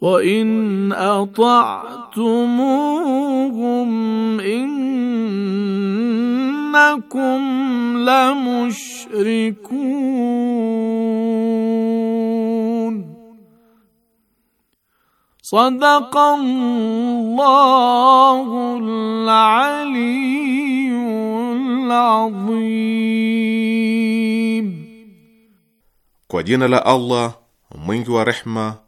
وإن أطعتموهم إنكم لمشركون صدق الله العلي العظيم Kwa لا الله Allah ورحمة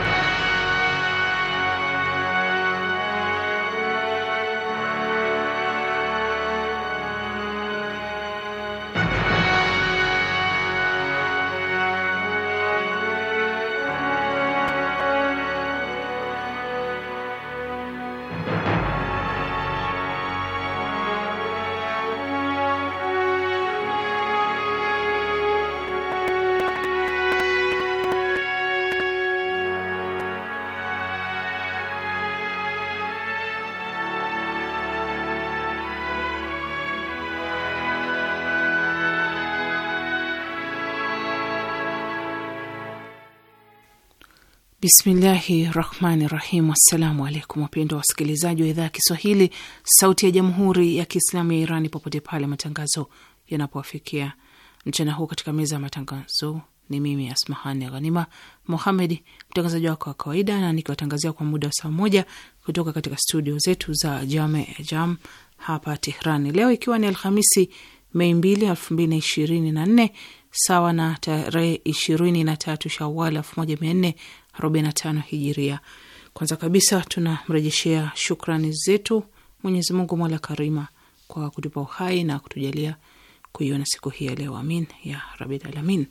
Bismillahi rahmani rahim. Assalamu alaikum wapendwa wasikilizaji wa idhaa ya Kiswahili sauti ya jamhuri ya Kiislamu ya Irani popote pale matangazo yanapowafikia mchana huu katika meza ya matangazo ni mimi Asmahani Ghanima Muhamedi, mtangazaji wako wa kawaida, na nikiwatangazia kwa muda wa saa moja kutoka katika studio zetu za Jame Jam hapa Tehrani, leo ikiwa ni Alhamisi Mei mbili elfu mbili na ishirini na nne sawa na tarehe ishirini na tatu Shawal elfu moja mia nne 45 hijiria. Kwanza kabisa tunamrejeshea shukrani zetu Mwenyezi Mungu mola karima kwa kutupa uhai na kutujalia kuiona siku hii ya leo, amin ya rabbil alamin.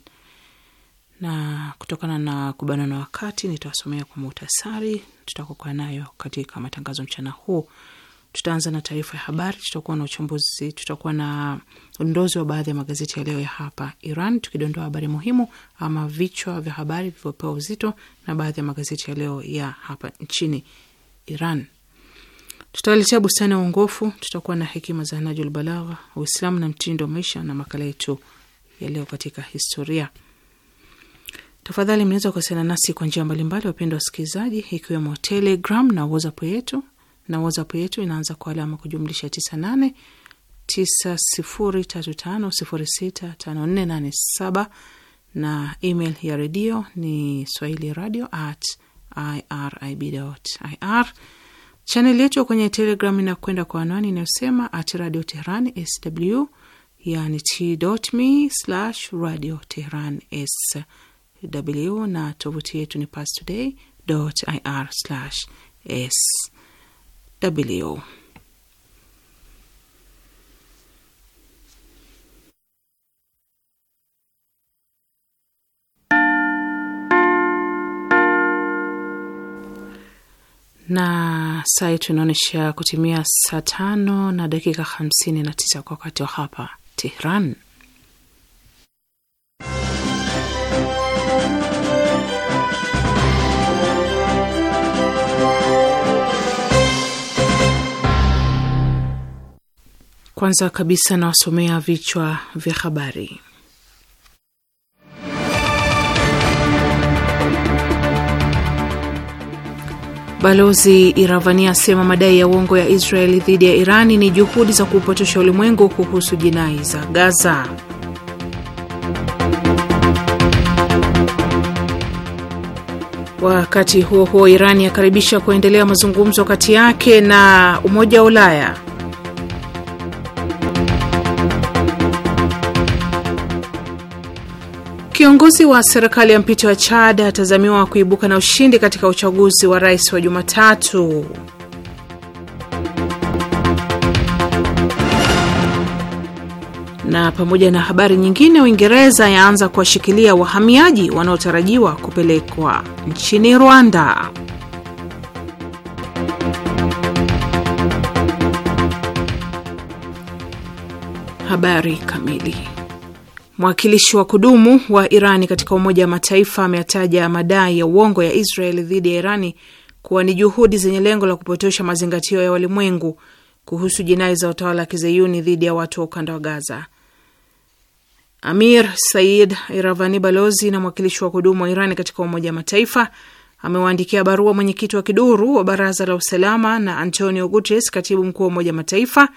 Na kutokana na kubanwa na wakati, nitawasomea kwa muhtasari tutakokuwa nayo katika matangazo mchana huu. Tutaanza na taarifa ya habari, tutakuwa na uchambuzi, tutakuwa na udondozi wa baadhi ya magazeti ya leo ya hapa Iran, tukidondoa habari muhimu ama vichwa vya habari vilivyopewa uzito na baadhi ya magazeti ya leo ya hapa nchini Iran. Tutawaletea bustani ya uongofu, tutakuwa na hekima za Najul Balagha, Uislamu na mtindo wa maisha, na makala yetu ya leo katika historia. Tafadhali mnaweza kuwasiliana nasi kwa njia mbalimbali, wapendwa wasikilizaji, ikiwemo Telegram na WhatsApp yetu na WhatsApp yetu inaanza kwa alama kujumlisha 98 9035065487 na email ya redio ni swahili radio at irib ir. Chaneli yetu kwenye Telegram inakwenda kwa anwani inayosema at radio tehran sw, yani t.me slash radio tehran sw, na tovuti yetu ni pastoday ir slash s w na saa yetu inaonyesha kutimia saa tano na dakika hamsini na tisa kwa wakati wa hapa Tehran. Kwanza kabisa nawasomea vichwa vya habari. Balozi Iravani asema madai ya uongo ya Israeli dhidi ya Irani ni juhudi za kupotosha ulimwengu kuhusu jinai za Gaza. Wakati huo huo, Irani yakaribisha kuendelea mazungumzo kati yake na Umoja wa Ulaya Kiongozi wa serikali ya mpito ya Chad atazamiwa kuibuka na ushindi katika uchaguzi wa rais wa Jumatatu. Na pamoja na habari nyingine, Uingereza yaanza kuwashikilia wahamiaji wanaotarajiwa kupelekwa nchini Rwanda. Habari kamili Mwakilishi wa kudumu wa Irani katika Umoja wa Mataifa ameyataja madai ya uongo ya Israeli dhidi ya Irani kuwa ni juhudi zenye lengo la kupotosha mazingatio ya walimwengu kuhusu jinai za utawala wa kizeyuni dhidi ya watu wa ukanda wa Gaza. Amir Said Iravani, balozi na mwakilishi wa kudumu wa Irani katika Umoja wa Mataifa, amewaandikia barua mwenyekiti wa kiduru wa Baraza la Usalama na Antonio Guterres, katibu mkuu wa Umoja wa Mataifa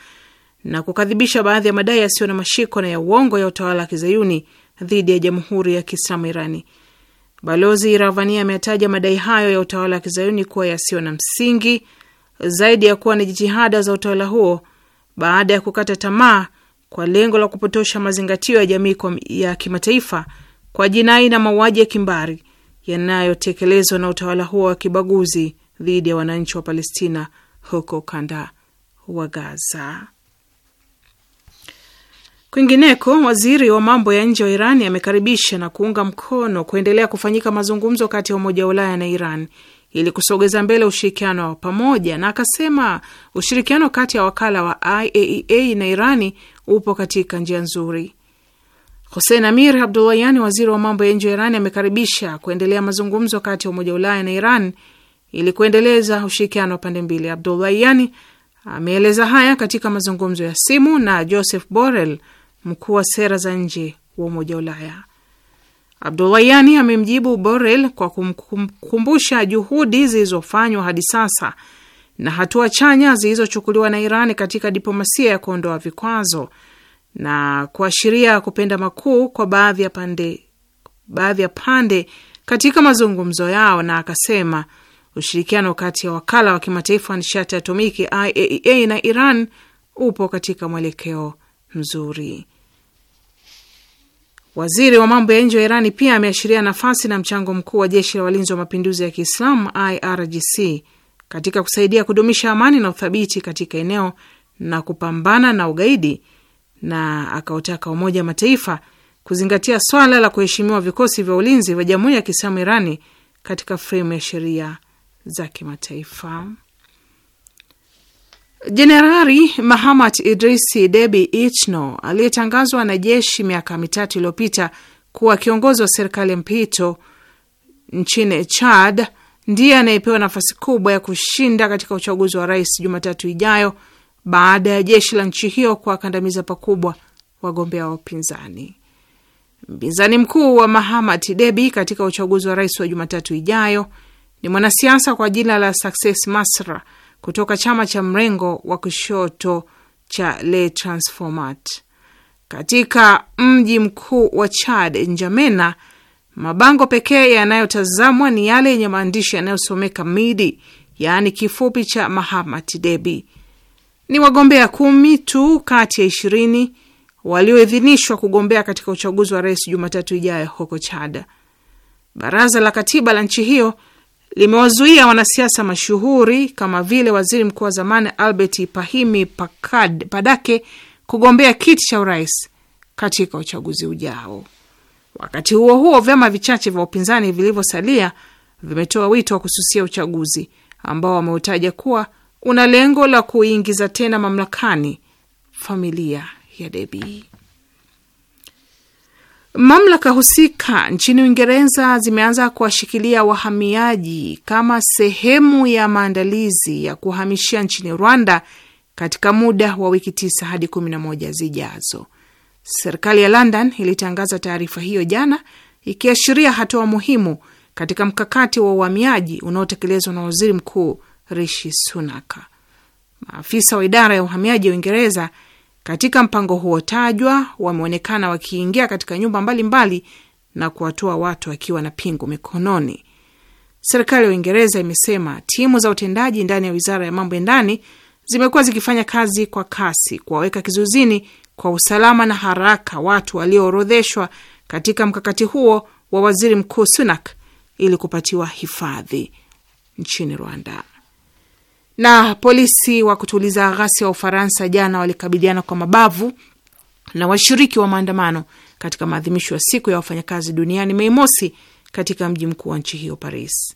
na kukadhibisha baadhi ya madai yasiyo na mashiko na ya uongo ya utawala wa kizayuni dhidi ya jamhuri ya kiislamu Irani. Balozi Ravani ameataja madai hayo ya utawala wa kizayuni kuwa yasiyo na msingi zaidi ya kuwa ni jitihada za utawala huo baada ya kukata tamaa kwa lengo la kupotosha mazingatio ya jamii ya kimataifa kwa jinai na mauaji ya kimbari yanayotekelezwa na utawala huo wa kibaguzi dhidi ya wananchi wa Palestina huko ukanda wa Gaza. Kwingineko, waziri wa mambo ya nje wa Irani amekaribisha na kuunga mkono kuendelea kufanyika mazungumzo kati ya Umoja wa Ulaya na Iran ili kusogeza mbele ushirikiano wa pamoja, na akasema ushirikiano kati ya wakala wa IAEA e na Irani upo katika njia nzuri. hosen Amir Abdullahian, waziri wa mambo ya nje wa Irani, amekaribisha kuendelea mazungumzo kati ya Umoja wa Ulaya na Iran ili kuendeleza ushirikiano wa pande mbili. Abdullahian ameeleza haya katika mazungumzo ya simu na Joseph Borrell mkuu wa sera za nje wa Umoja wa Ulaya. abdullayani amemjibu Borel kwa kumkumbusha juhudi zilizofanywa hadi sasa na hatua chanya zilizochukuliwa na Iran katika diplomasia ya kuondoa vikwazo na kuashiria kupenda makuu kwa baadhi ya pande, baadhi ya pande katika mazungumzo yao, na akasema ushirikiano kati ya wakala wa kimataifa wa nishati atomiki IAEA e na Iran upo katika mwelekeo mzuri. Waziri wa mambo ya nje wa Irani pia ameashiria nafasi na mchango mkuu wa jeshi la walinzi wa mapinduzi ya Kiislamu IRGC katika kusaidia kudumisha amani na uthabiti katika eneo na kupambana na ugaidi, na akautaka Umoja wa Mataifa kuzingatia swala la kuheshimiwa vikosi vya ulinzi vya Jamhuri ya Kiislamu Irani katika fremu ya sheria za kimataifa. Jenerali Mahamat Idrisi Debi ichno aliyetangazwa na jeshi miaka mitatu iliyopita kuwa kiongozi wa serikali ya mpito nchini Chad ndiye anayepewa nafasi kubwa ya kushinda katika uchaguzi wa rais Jumatatu ijayo baada ya jeshi la nchi hiyo kuwakandamiza pakubwa wagombea wa upinzani. Mpinzani mkuu wa Mahamat Debi katika uchaguzi wa rais wa Jumatatu ijayo ni mwanasiasa kwa jina la Success Masra kutoka chama cha mrengo wa kushoto cha Le Transformat. Katika mji mkuu wa Chad, Njamena, mabango pekee yanayotazamwa ni yale yenye maandishi yanayosomeka MIDI, yaani kifupi cha Mahamat Debi. Ni wagombea kumi tu kati ya ishirini walioidhinishwa kugombea katika uchaguzi wa rais Jumatatu ijayo huko Chad. Baraza la katiba la nchi hiyo limewazuia wanasiasa mashuhuri kama vile waziri mkuu wa zamani Albert Pahimi Pakad, Padake kugombea kiti cha urais katika uchaguzi ujao. Wakati huo huo, vyama vichache vya upinzani vilivyosalia vimetoa wito wa kususia uchaguzi ambao wameutaja kuwa una lengo la kuingiza tena mamlakani familia ya Deby. Mamlaka husika nchini Uingereza zimeanza kuwashikilia wahamiaji kama sehemu ya maandalizi ya kuhamishia nchini Rwanda katika muda wa wiki tisa hadi kumi na moja zijazo. Serikali ya London ilitangaza taarifa hiyo jana, ikiashiria hatua muhimu katika mkakati wa uhamiaji unaotekelezwa na waziri mkuu Rishi Sunak. Maafisa wa idara ya uhamiaji ya Uingereza katika mpango huo tajwa, wameonekana wakiingia katika nyumba mbalimbali mbali na kuwatoa watu wakiwa na pingu mikononi. Serikali ya Uingereza imesema timu za utendaji ndani ya wizara ya mambo ya ndani zimekuwa zikifanya kazi kwa kasi kuwaweka kizuizini kwa usalama na haraka watu walioorodheshwa katika mkakati huo wa waziri mkuu Sunak ili kupatiwa hifadhi nchini Rwanda. Na polisi wa kutuliza ghasia wa Ufaransa jana walikabiliana kwa mabavu na washiriki wa maandamano katika maadhimisho ya siku ya wafanyakazi duniani Mei Mosi katika mji mkuu wa nchi hiyo Paris.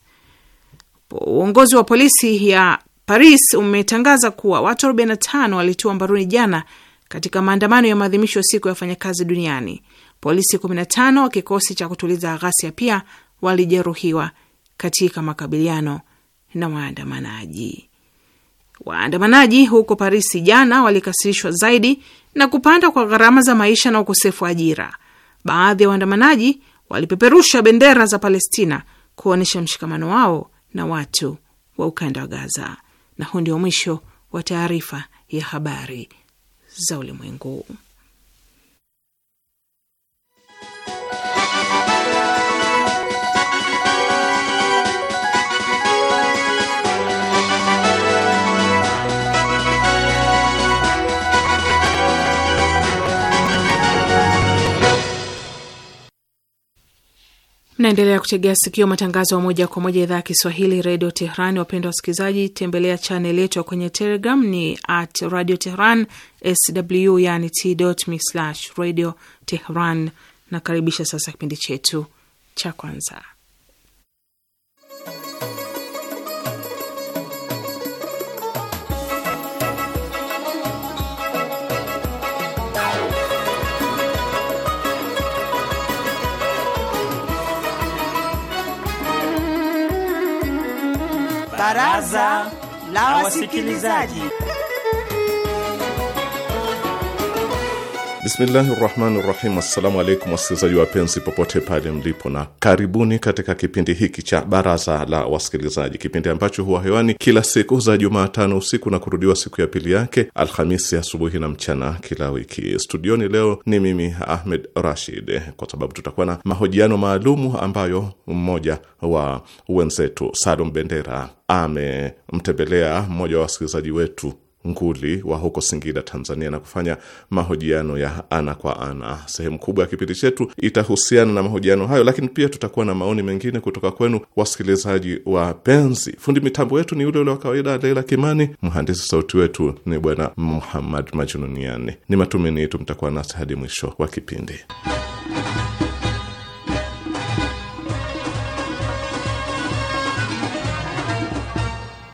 Uongozi wa polisi ya Paris umetangaza kuwa watu 45 walitiwa mbaruni jana katika maandamano ya maadhimisho ya siku ya wafanyakazi duniani. Polisi 15 wa kikosi cha kutuliza ghasia pia walijeruhiwa katika makabiliano na waandamanaji. Waandamanaji huko Parisi jana walikasirishwa zaidi na kupanda kwa gharama za maisha na ukosefu wa ajira. Baadhi ya waandamanaji walipeperusha bendera za Palestina kuonyesha mshikamano wao na watu wa ukanda wa Gaza. Na huu ndio mwisho wa taarifa ya habari za ulimwengu. Naendelea kutegea sikio matangazo ya moja kwa moja idhaa ya Kiswahili redio Tehran. Wapendwa wasikilizaji, tembelea chaneli yetu ya kwenye Telegram ni at radio tehran sw, yani t.me slash radio tehran. Nakaribisha sasa kipindi chetu cha kwanza Baraza la Wasikilizaji. Bismillahi rahmani rahim. Assalamu alaikum wasikilizaji wapenzi popote pale mlipo, na karibuni katika kipindi hiki cha baraza la wasikilizaji, kipindi ambacho huwa hewani kila siku za Jumatano usiku na kurudiwa siku ya pili yake Alhamisi asubuhi ya na mchana kila wiki. Studioni leo ni mimi Ahmed Rashid, kwa sababu tutakuwa na mahojiano maalumu ambayo mmoja wa wenzetu Salum Bendera amemtembelea mmoja wa wasikilizaji wetu nguli wa huko Singida, Tanzania, na kufanya mahojiano ya ana kwa ana. Sehemu kubwa ya kipindi chetu itahusiana na mahojiano hayo, lakini pia tutakuwa na maoni mengine kutoka kwenu wasikilizaji wapenzi. Fundi mitambo wetu ni yule ule wa kawaida, Leila Kimani. Mhandisi sauti wetu ni Bwana Muhammad Majununiani. Ni matumaini yetu mtakuwa nasi hadi mwisho wa kipindi.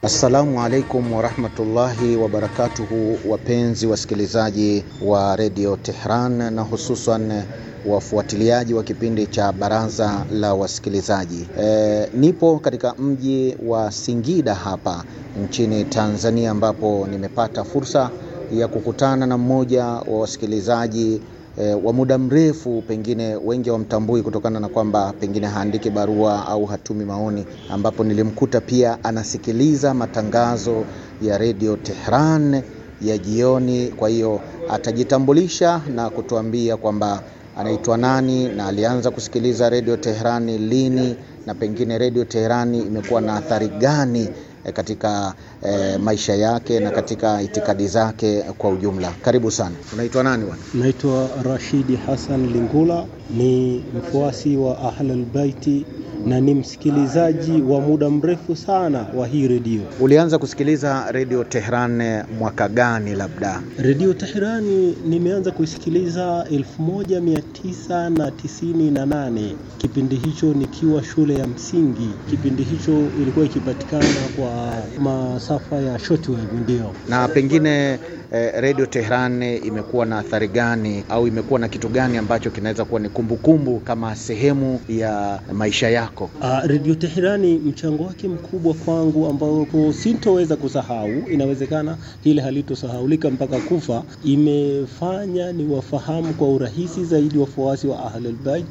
Assalamu alaikum warahmatullahi wabarakatuhu, wapenzi wasikilizaji wa redio Tehran na hususan wafuatiliaji wa kipindi cha baraza la wasikilizaji. E, nipo katika mji wa Singida hapa nchini Tanzania ambapo nimepata fursa ya kukutana na mmoja wa wasikilizaji e, wa muda mrefu, pengine wengi wamtambui kutokana na kwamba pengine haandiki barua au hatumi maoni, ambapo nilimkuta pia anasikiliza matangazo ya redio Tehran ya jioni. Kwa hiyo atajitambulisha na kutuambia kwamba anaitwa nani na alianza kusikiliza redio Teherani lini na pengine redio Teherani imekuwa na athari gani Eh, katika eh, maisha yake na katika itikadi zake kwa ujumla. Karibu sana. Unaitwa nani bwana? Naitwa Rashidi Hassan Lingula, ni mfuasi wa Ahlul Baiti na ni msikilizaji wa muda mrefu sana wa hii redio. Ulianza kusikiliza redio Tehran mwaka gani? Labda redio Teherani nimeanza kuisikiliza 1998 kipindi hicho nikiwa shule ya msingi. Kipindi hicho ilikuwa ikipatikana kwa masafa ya shortwave, ndio. Na pengine eh, redio Tehran imekuwa na athari gani au imekuwa na kitu gani ambacho kinaweza kuwa ni kumbukumbu kumbu kama sehemu ya maisha yako? yako? Uh, Radio Teherani mchango wake mkubwa kwangu ambao sitoweza kusahau, inawezekana hili halitosahaulika mpaka kufa, imefanya ni wafahamu kwa urahisi zaidi wafuasi wa Ahlul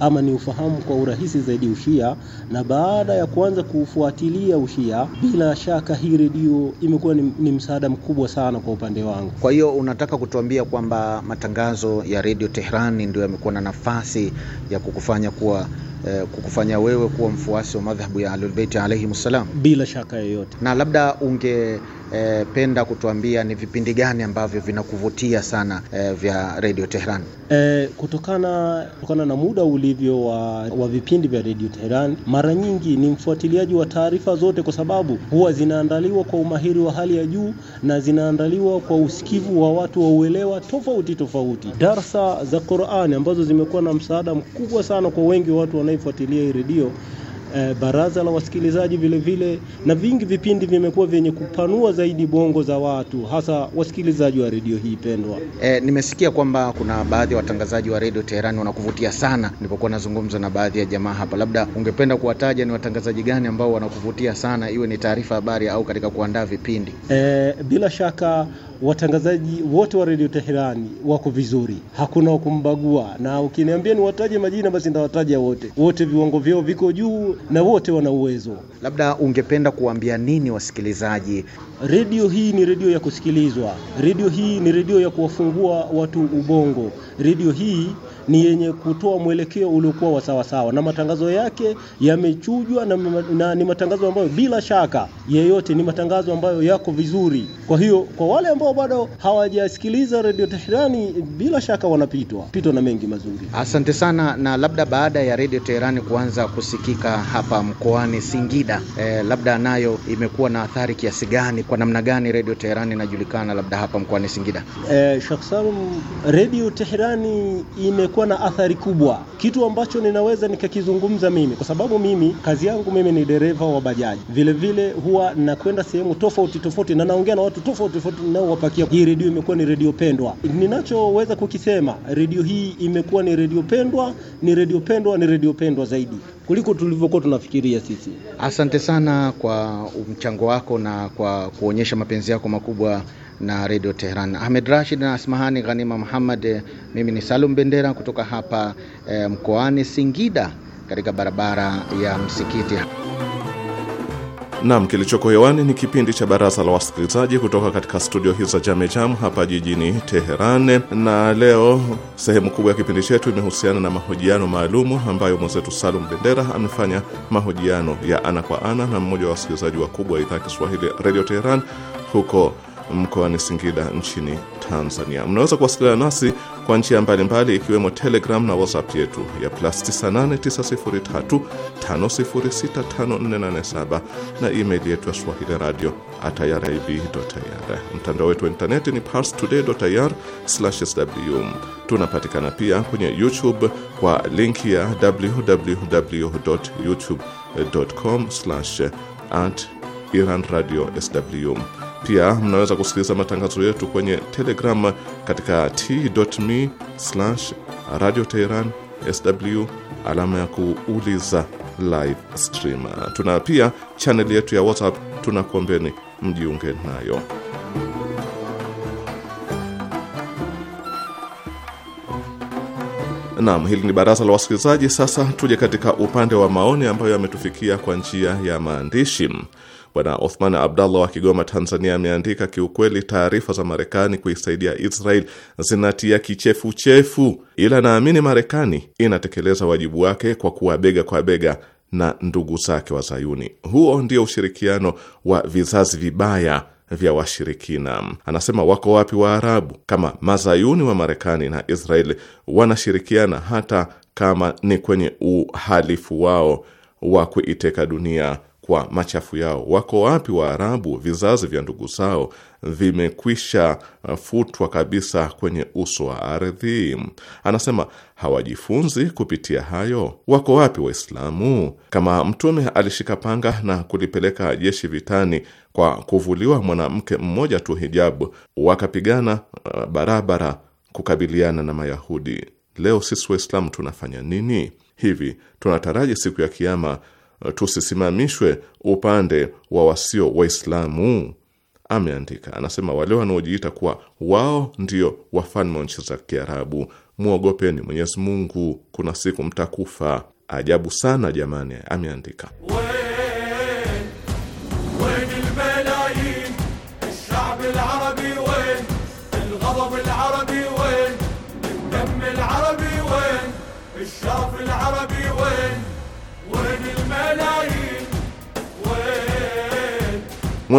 ama ni ufahamu kwa urahisi zaidi ushia, na baada ya kuanza kufuatilia ushia, bila shaka hii redio imekuwa ni, ni msaada mkubwa sana kwa upande wangu. Kwa hiyo unataka kutuambia kwamba matangazo ya Radio Teherani ndio yamekuwa na nafasi ya kukufanya kuwa eh, kukufanya wewe kuwa mfuasi wa madhhabu ya Ahlulbeiti alaihim ssalam bila shaka yoyote. Na labda ungependa eh, kutuambia ni vipindi gani ambavyo vinakuvutia sana eh, vya Radio Tehran? Eh, kutokana, kutokana na muda ulivyo wa, wa vipindi vya Radio Tehran, mara nyingi ni mfuatiliaji wa taarifa zote, kwa sababu huwa zinaandaliwa kwa umahiri wa hali ya juu na zinaandaliwa kwa usikivu wa watu wa uelewa tofauti tofauti. Darsa za Qur'ani ambazo zimekuwa na msaada mkubwa sana kwa wengi watu wana anaifuatilia hii redio eh, baraza la wasikilizaji vile vile, na vingi vipindi vimekuwa vyenye kupanua zaidi bongo za watu, hasa wasikilizaji wa redio hii pendwa. Eh, nimesikia kwamba kuna baadhi ya watangazaji wa redio Teherani wanakuvutia sana. Nilipokuwa nazungumza na baadhi ya jamaa hapa, labda ungependa kuwataja ni watangazaji gani ambao wanakuvutia sana, iwe ni taarifa habari au katika kuandaa vipindi? Eh, bila shaka watangazaji wote wa redio Teherani wako vizuri, hakuna wakumbagua, na ukiniambia niwataje majina basi ndawataja wote. Wote viwango vyao viko juu na wote wana uwezo. Labda ungependa kuambia nini wasikilizaji? Redio hii ni redio ya kusikilizwa, redio hii ni redio ya kuwafungua watu ubongo, redio hii ni yenye kutoa mwelekeo uliokuwa wa sawasawa, na matangazo yake yamechujwa na, na ni matangazo ambayo bila shaka yeyote ni matangazo ambayo yako vizuri. Kwa hiyo kwa wale ambao bado hawajasikiliza redio Teherani, bila shaka wanapitwa pitwa na mengi mazuri. Asante sana, na labda baada ya redio Teherani kuanza kusikika hapa mkoani Singida, eh, labda nayo imekuwa na athari kiasi gani, kwa namna gani redio Teherani inajulikana labda hapa mkoani Singida? Eh, shaksan redio Teherani ime imekuwa na athari kubwa. Kitu ambacho ninaweza nikakizungumza mimi, kwa sababu mimi kazi yangu mimi ni dereva wa bajaji, vile vile huwa nakwenda sehemu tofauti tofauti na naongea na watu tofauti tofauti ninaowapakia. Hii redio imekuwa ni redio pendwa. Ninachoweza kukisema, redio hii imekuwa ni redio pendwa, ni redio pendwa, ni redio pendwa zaidi kuliko tulivyokuwa tunafikiria sisi. Asante sana kwa mchango wako na kwa kuonyesha mapenzi yako makubwa na Radio Tehran. Ahmed Rashid na Asmahani Ghanima Muhammad. Mimi ni Salum Bendera kutoka hapa e, mkoani Singida katika barabara ya Msikiti. Naam, kilichoko hewani ni kipindi cha baraza la wasikilizaji kutoka katika studio hizi za Jamejam hapa jijini Teheran, na leo sehemu kubwa ya kipindi chetu imehusiana na mahojiano maalumu ambayo mwenzetu Salum Bendera amefanya mahojiano ya ana kwa ana na mmoja wa wasikilizaji wakubwa wa idhaa ya Kiswahili Radio Teheran huko mkoani Singida nchini Tanzania. Mnaweza kuwasiliana nasi kwa njia mbalimbali ikiwemo Telegram na WhatsApp yetu ya plus 989035065487 na email yetu ya swahili radio irib.ir. Mtandao wetu wa intaneti ni parstoday.ir/sw. Tunapatikana pia kwenye YouTube kwa linki ya www.youtube.com/iranradio sw pia mnaweza kusikiliza matangazo yetu kwenye Telegram katika t.me radio Teheran sw alama ya kuuliza live stream. Tuna pia chaneli yetu ya WhatsApp, tunakuombeni mjiunge nayo. Naam, hili ni baraza la wasikilizaji. Sasa tuje katika upande wa maoni ambayo yametufikia kwa njia ya maandishi. Bwana Othman Abdallah wa Kigoma, Tanzania, ameandika kiukweli, taarifa za Marekani kuisaidia Israel zinatia kichefuchefu, ila naamini Marekani inatekeleza wajibu wake kwa kuwa bega kwa bega na ndugu zake wa Zayuni. Huo ndio ushirikiano wa vizazi vibaya vya washirikina. Anasema wako wapi Waarabu kama mazayuni wa Marekani na israel wanashirikiana, hata kama ni kwenye uhalifu wao wa kuiteka dunia kwa machafu yao. Wako wapi Waarabu? Vizazi vya ndugu zao vimekwisha uh, futwa kabisa kwenye uso wa ardhi. Anasema hawajifunzi kupitia hayo. Wako wapi Waislamu? Kama Mtume alishika panga na kulipeleka jeshi vitani kwa kuvuliwa mwanamke mmoja tu hijabu, wakapigana uh, barabara kukabiliana na Mayahudi. Leo sisi Waislamu tunafanya nini? Hivi tunataraji siku ya Kiama tusisimamishwe upande wa wasio Waislamu? Ameandika, anasema wale wanaojiita kuwa wao ndio wafalme wa nchi za Kiarabu, mwogopeni Mwenyezi Mungu, kuna siku mtakufa. Ajabu sana jamani, ameandika.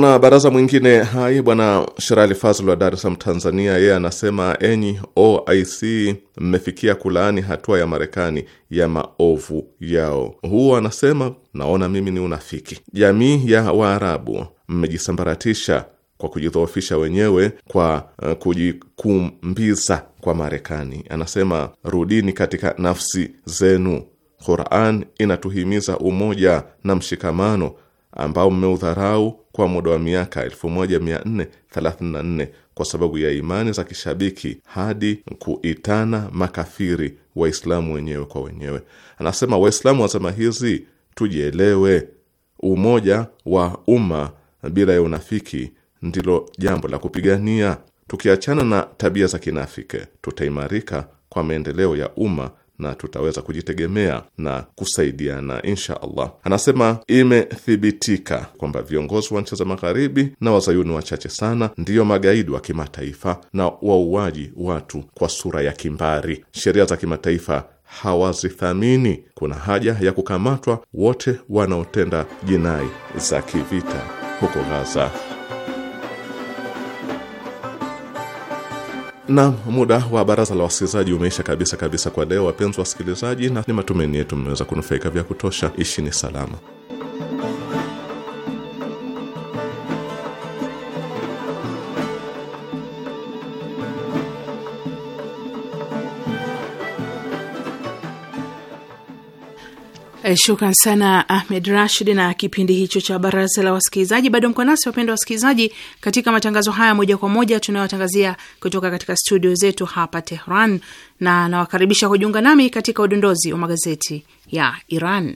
baraza mwingine hai bwana Sherali Fazl wa Dar es Salaam, Tanzania, yeye anasema enyi OIC mmefikia kulaani hatua ya Marekani ya maovu yao. Huo anasema naona mimi ni unafiki. Jamii ya Waarabu mmejisambaratisha kwa kujidhoofisha wenyewe kwa uh, kujikumbiza kwa Marekani. Anasema rudini katika nafsi zenu. Qur'an inatuhimiza umoja na mshikamano ambao mmeudharau kwa muda wa miaka 1434 kwa sababu ya imani za kishabiki hadi kuitana makafiri Waislamu wenyewe kwa wenyewe. Anasema Waislamu wa zama hizi tujielewe, umoja wa umma bila ya unafiki ndilo jambo la kupigania. Tukiachana na tabia za kinafiki, tutaimarika kwa maendeleo ya umma na tutaweza kujitegemea na kusaidiana insha Allah. Anasema imethibitika kwamba viongozi wa nchi za magharibi na wazayuni wachache sana ndiyo magaidi wa kimataifa na wauaji watu kwa sura ya kimbari. Sheria za kimataifa hawazithamini. Kuna haja ya kukamatwa wote wanaotenda jinai za kivita huko Gaza. na muda wa baraza la wasikilizaji umeisha kabisa kabisa kwa leo, wapenzi wasikilizaji, na ni matumaini yetu mmeweza kunufaika vya kutosha. Ishini salama. Eh, shukran sana Ahmed Rashid na kipindi hicho cha baraza la wasikilizaji. Bado mko nasi wapendwa wasikilizaji, katika matangazo haya moja kwa moja tunayowatangazia kutoka katika studio zetu hapa Tehran, na nawakaribisha kujiunga nami katika udondozi wa magazeti ya Iran.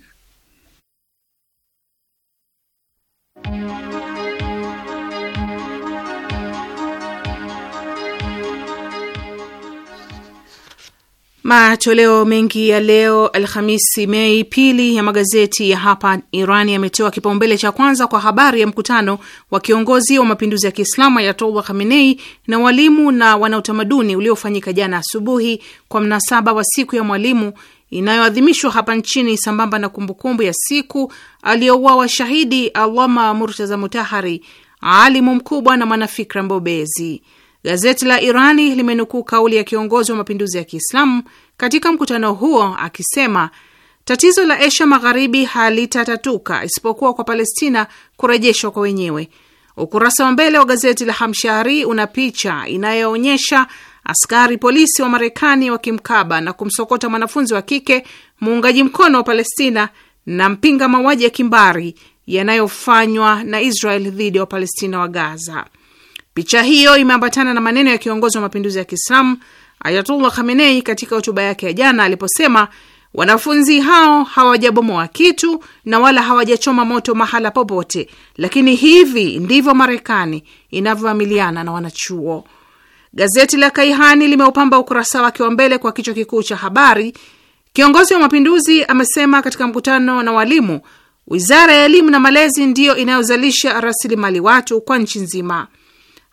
Matoleo mengi ya leo Alhamisi, Mei pili ya magazeti ya hapa Iran yametoa kipaumbele cha kwanza kwa habari ya mkutano wa kiongozi wa mapinduzi ya Kiislamu Ayatollah Khamenei na walimu na wanautamaduni uliofanyika jana asubuhi kwa mnasaba wa siku ya mwalimu inayoadhimishwa hapa nchini sambamba na kumbukumbu ya siku aliyouawa shahidi Allama Murtaza Mutahari, alimu mkubwa na mwanafikra mbobezi. Gazeti la Irani limenukuu kauli ya kiongozi wa mapinduzi ya Kiislamu katika mkutano huo akisema tatizo la Asia Magharibi halitatatuka isipokuwa kwa Palestina kurejeshwa kwa wenyewe. Ukurasa wa mbele wa gazeti la Hamshahri una picha inayoonyesha askari polisi wa Marekani wakimkaba na kumsokota mwanafunzi wa kike muungaji mkono wa Palestina na mpinga mauaji ya kimbari yanayofanywa na Israel dhidi ya Wapalestina wa Gaza. Picha hiyo imeambatana na maneno ya kiongozi wa mapinduzi ya Kiislamu Ayatullah Khamenei katika hotuba yake ya jana aliposema wanafunzi hao hawajabomoa kitu na wala hawajachoma moto mahala popote, lakini hivi ndivyo Marekani inavyoamiliana na wanachuo. Gazeti la Kaihani limeupamba ukurasa wake wa mbele kwa kichwa kikuu cha habari, kiongozi wa mapinduzi amesema katika mkutano na walimu, wizara ya elimu na malezi ndiyo inayozalisha rasilimali watu kwa nchi nzima.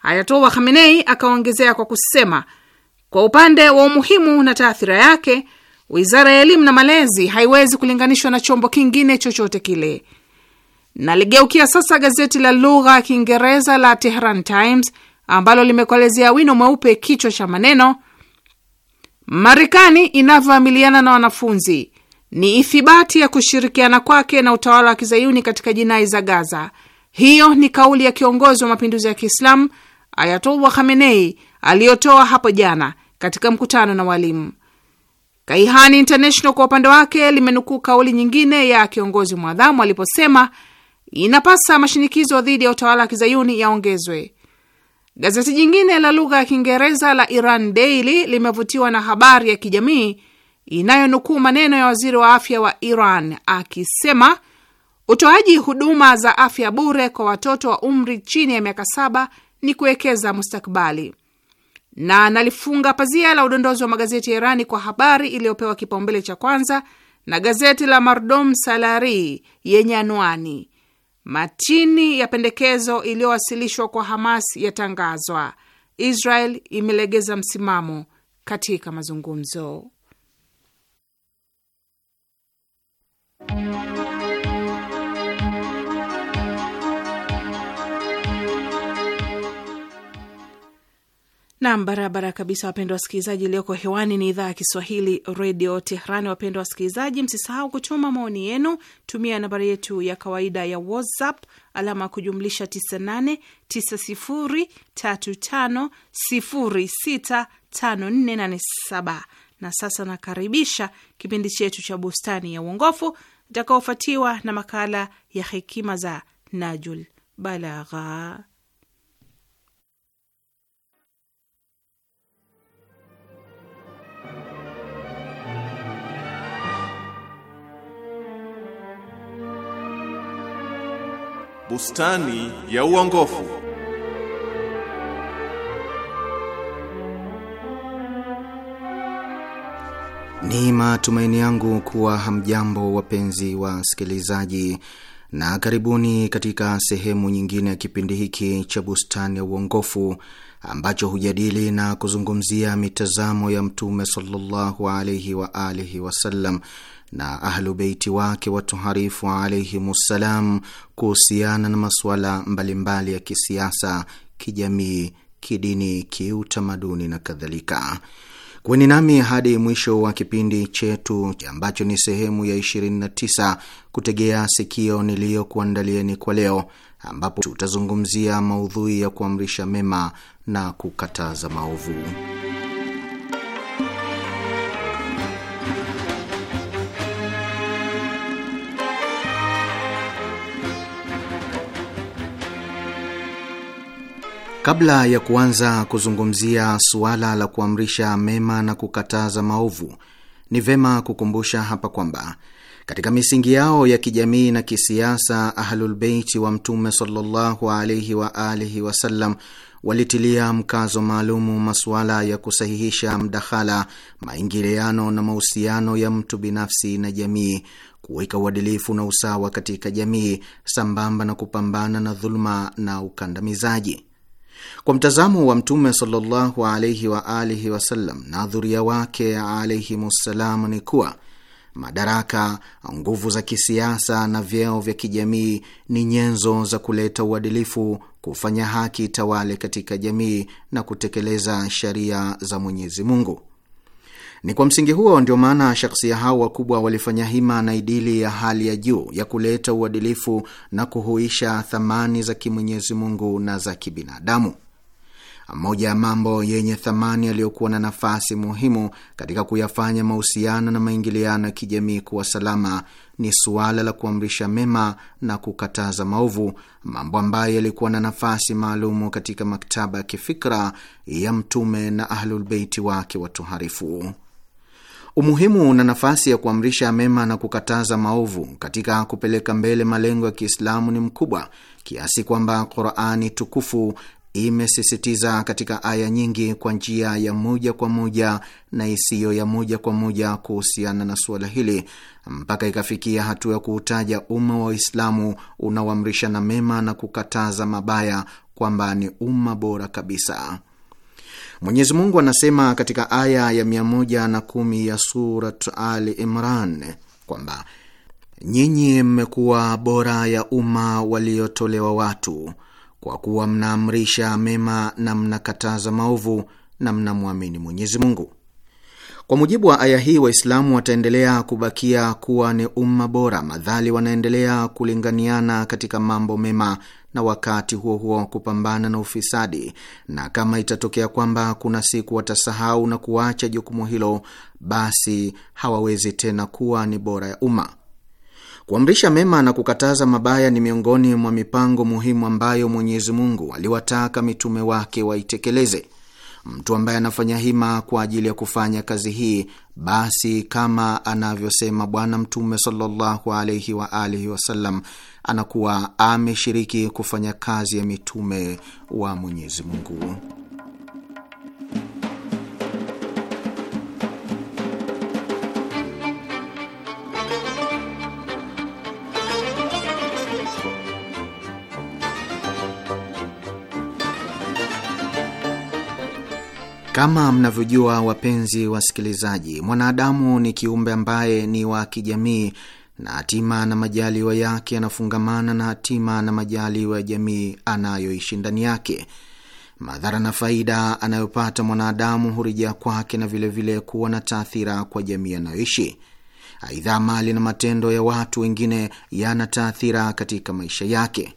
Ayatollah Khamenei akaongezea kwa kusema, kwa upande wa umuhimu na taathira yake, wizara ya elimu na malezi haiwezi kulinganishwa na chombo kingine chochote kile. Naligeukia sasa gazeti la lugha ya Kiingereza la Tehran Times ambalo limekolezea wino mweupe kichwa cha maneno, Marekani inavyoamiliana na wanafunzi ni ithibati ya kushirikiana kwake na utawala wa kizayuni katika jinai za Gaza. Hiyo ni kauli ya kiongozi wa mapinduzi ya Kiislamu Ayatollah Khamenei aliyotoa hapo jana katika mkutano na walimu. Kaihani International kwa upande wake limenukuu kauli nyingine ya kiongozi mwadhamu aliposema inapasa mashinikizo dhidi ya utawala wa kizayuni yaongezwe. Gazeti jingine la lugha ya Kiingereza la Iran Daily limevutiwa na habari ya kijamii inayonukuu maneno ya waziri wa afya wa Iran akisema utoaji huduma za afya bure kwa watoto wa umri chini ya miaka saba ni kuwekeza mustakbali, na nalifunga pazia la udondozi wa magazeti ya Irani kwa habari iliyopewa kipaumbele cha kwanza na gazeti la Mardom Salari yenye anwani matini ya pendekezo iliyowasilishwa kwa Hamas yatangazwa, Israel imelegeza msimamo katika mazungumzo. Nam, barabara kabisa, wapendwa wasikilizaji. Iliyoko hewani ni idhaa ya Kiswahili redio Tehrani. Wapendwa wasikilizaji, msisahau kutuma maoni yenu, tumia nambari yetu ya kawaida ya WhatsApp alama ya kujumlisha 989035065487. Na sasa nakaribisha kipindi chetu cha Bustani ya Uongofu itakaofuatiwa na makala ya Hekima za Najul Balagha. Bustani ya uongofu. Ni matumaini yangu kuwa hamjambo wapenzi wa sikilizaji na karibuni katika sehemu nyingine ya kipindi hiki cha Bustani ya Uongofu ambacho hujadili na kuzungumzia mitazamo ya Mtume sallallahu alaihi wa alihi wasallam na Ahlubeiti wake watoharifu ssalam kuhusiana na masuala mbalimbali ya kisiasa, kijamii, kidini, kiutamaduni na kadhalika. Kweni nami hadi mwisho wa kipindi chetu ambacho ni sehemu ya 29 kutegea sikio niliyokuandalieni kwa leo, ambapo tutazungumzia maudhui ya kuamrisha mema na kukataza maovu. Kabla ya kuanza kuzungumzia suala la kuamrisha mema na kukataza maovu, ni vema kukumbusha hapa kwamba katika misingi yao ya kijamii na kisiasa, Ahlulbeiti wa Mtume sallallahu alaihi wa alihi wasallam walitilia mkazo maalumu masuala ya kusahihisha mdahala, maingiliano na mahusiano ya mtu binafsi na jamii, kuweka uadilifu na usawa katika jamii, sambamba na kupambana na dhuluma na ukandamizaji. Kwa mtazamo wa Mtume sallallahu alaihi wa alihi wasallam na dhuria wake alaihimussalam, ni kuwa madaraka, nguvu za kisiasa na vyeo vya kijamii ni nyenzo za kuleta uadilifu, kufanya haki tawale katika jamii na kutekeleza sheria za Mwenyezi Mungu. Ni kwa msingi huo ndio maana shakhsia hao wakubwa walifanya hima na idili ya hali ya juu ya kuleta uadilifu na kuhuisha thamani za kimwenyezi Mungu na za kibinadamu. Moja ya mambo yenye thamani yaliyokuwa na nafasi muhimu katika kuyafanya mahusiano na maingiliano ya kijamii kuwa salama ni suala la kuamrisha mema na kukataza maovu, mambo ambayo yalikuwa na nafasi maalumu katika maktaba ya kifikra ya Mtume na Ahlulbeiti wake watuharifu. Umuhimu na nafasi ya kuamrisha mema na kukataza maovu katika kupeleka mbele malengo ya Kiislamu ni mkubwa kiasi kwamba Qurani tukufu imesisitiza katika aya nyingi kwa njia ya moja kwa moja na isiyo ya moja kwa moja kuhusiana na suala hili mpaka ikafikia hatua ya kuutaja umma wa Waislamu unaoamrisha na mema na kukataza mabaya kwamba ni umma bora kabisa. Mwenyezi Mungu anasema katika aya ya 110 ya Surat Al Imran kwamba nyinyi mmekuwa bora ya umma waliotolewa watu, kwa kuwa mnaamrisha mema na mnakataza maovu na mnamwamini Mwenyezi Mungu. Kwa mujibu wa aya hii, Waislamu wataendelea kubakia kuwa ni umma bora madhali wanaendelea kulinganiana katika mambo mema na wakati huo huo wa kupambana na ufisadi, na kama itatokea kwamba kuna siku watasahau na kuacha jukumu hilo, basi hawawezi tena kuwa ni bora ya umma. Kuamrisha mema na kukataza mabaya ni miongoni mwa mipango muhimu ambayo Mwenyezi Mungu aliwataka mitume wake waitekeleze. Mtu ambaye anafanya hima kwa ajili ya kufanya kazi hii, basi kama anavyosema Bwana Mtume sallallahu alaihi wa alihi wasallam anakuwa ameshiriki kufanya kazi ya mitume wa Mwenyezi Mungu. Kama mnavyojua, wapenzi wasikilizaji, mwanadamu ni kiumbe ambaye ni wa kijamii na hatima na majaliwa yake yanafungamana na hatima na majaliwa ya jamii anayoishi ndani yake. Madhara na faida anayopata mwanadamu hurejea kwake na vilevile vile kuwa na taathira kwa jamii anayoishi. Aidha, mali na matendo ya watu wengine yana taathira katika maisha yake.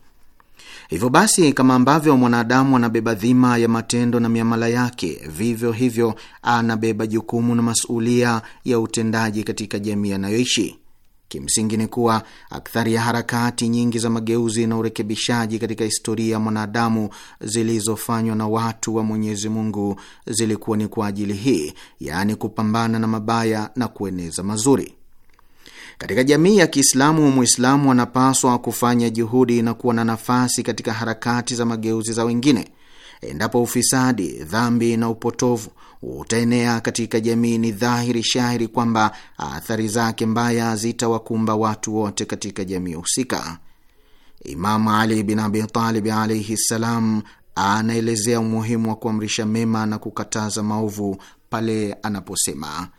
Hivyo basi, kama ambavyo mwanadamu anabeba dhima ya matendo na miamala yake, vivyo hivyo anabeba jukumu na masuulia ya utendaji katika jamii anayoishi. Kimsingi ni kuwa akthari ya harakati nyingi za mageuzi na urekebishaji katika historia ya mwanadamu zilizofanywa na watu wa Mwenyezi Mungu zilikuwa ni kwa ajili hii, yaani kupambana na mabaya na kueneza mazuri. Katika jamii ya Kiislamu, Mwislamu anapaswa kufanya juhudi na kuwa na nafasi katika harakati za mageuzi za wengine Endapo ufisadi, dhambi na upotovu utaenea katika jamii, ni dhahiri shahiri kwamba athari zake mbaya zitawakumba watu wote katika jamii husika. Imamu Ali bin Abi Talib alaihi ssalam anaelezea umuhimu wa kuamrisha mema na kukataza maovu pale anaposema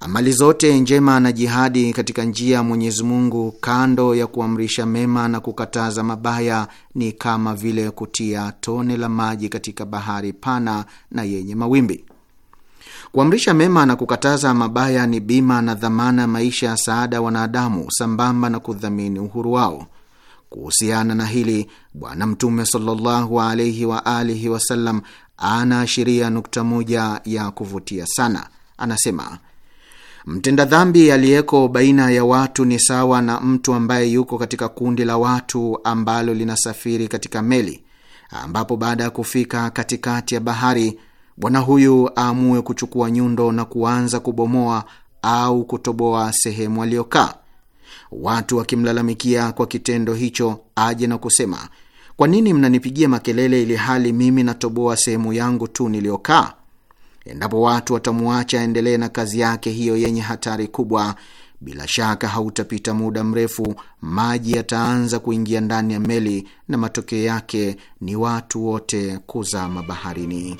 Amali zote njema na jihadi katika njia ya Mwenyezi Mungu kando ya kuamrisha mema na kukataza mabaya ni kama vile kutia tone la maji katika bahari pana na yenye mawimbi. Kuamrisha mema na kukataza mabaya ni bima na dhamana ya maisha ya saada wanadamu, sambamba na kudhamini uhuru wao. Kuhusiana na hili, Bwana Mtume sallallahu alaihi wa alihi wasallam anaashiria nukta moja ya kuvutia sana, anasema Mtenda dhambi aliyeko baina ya watu ni sawa na mtu ambaye yuko katika kundi la watu ambalo linasafiri katika meli, ambapo baada ya kufika katikati ya bahari bwana huyu aamue kuchukua nyundo na kuanza kubomoa au kutoboa sehemu aliyokaa. Watu wakimlalamikia kwa kitendo hicho, aje na kusema, kwa nini mnanipigia makelele ili hali mimi natoboa sehemu yangu tu niliyokaa? Endapo watu watamwacha aendelee na kazi yake hiyo yenye hatari kubwa, bila shaka hautapita muda mrefu, maji yataanza kuingia ndani ya meli na matokeo yake ni watu wote kuzama baharini.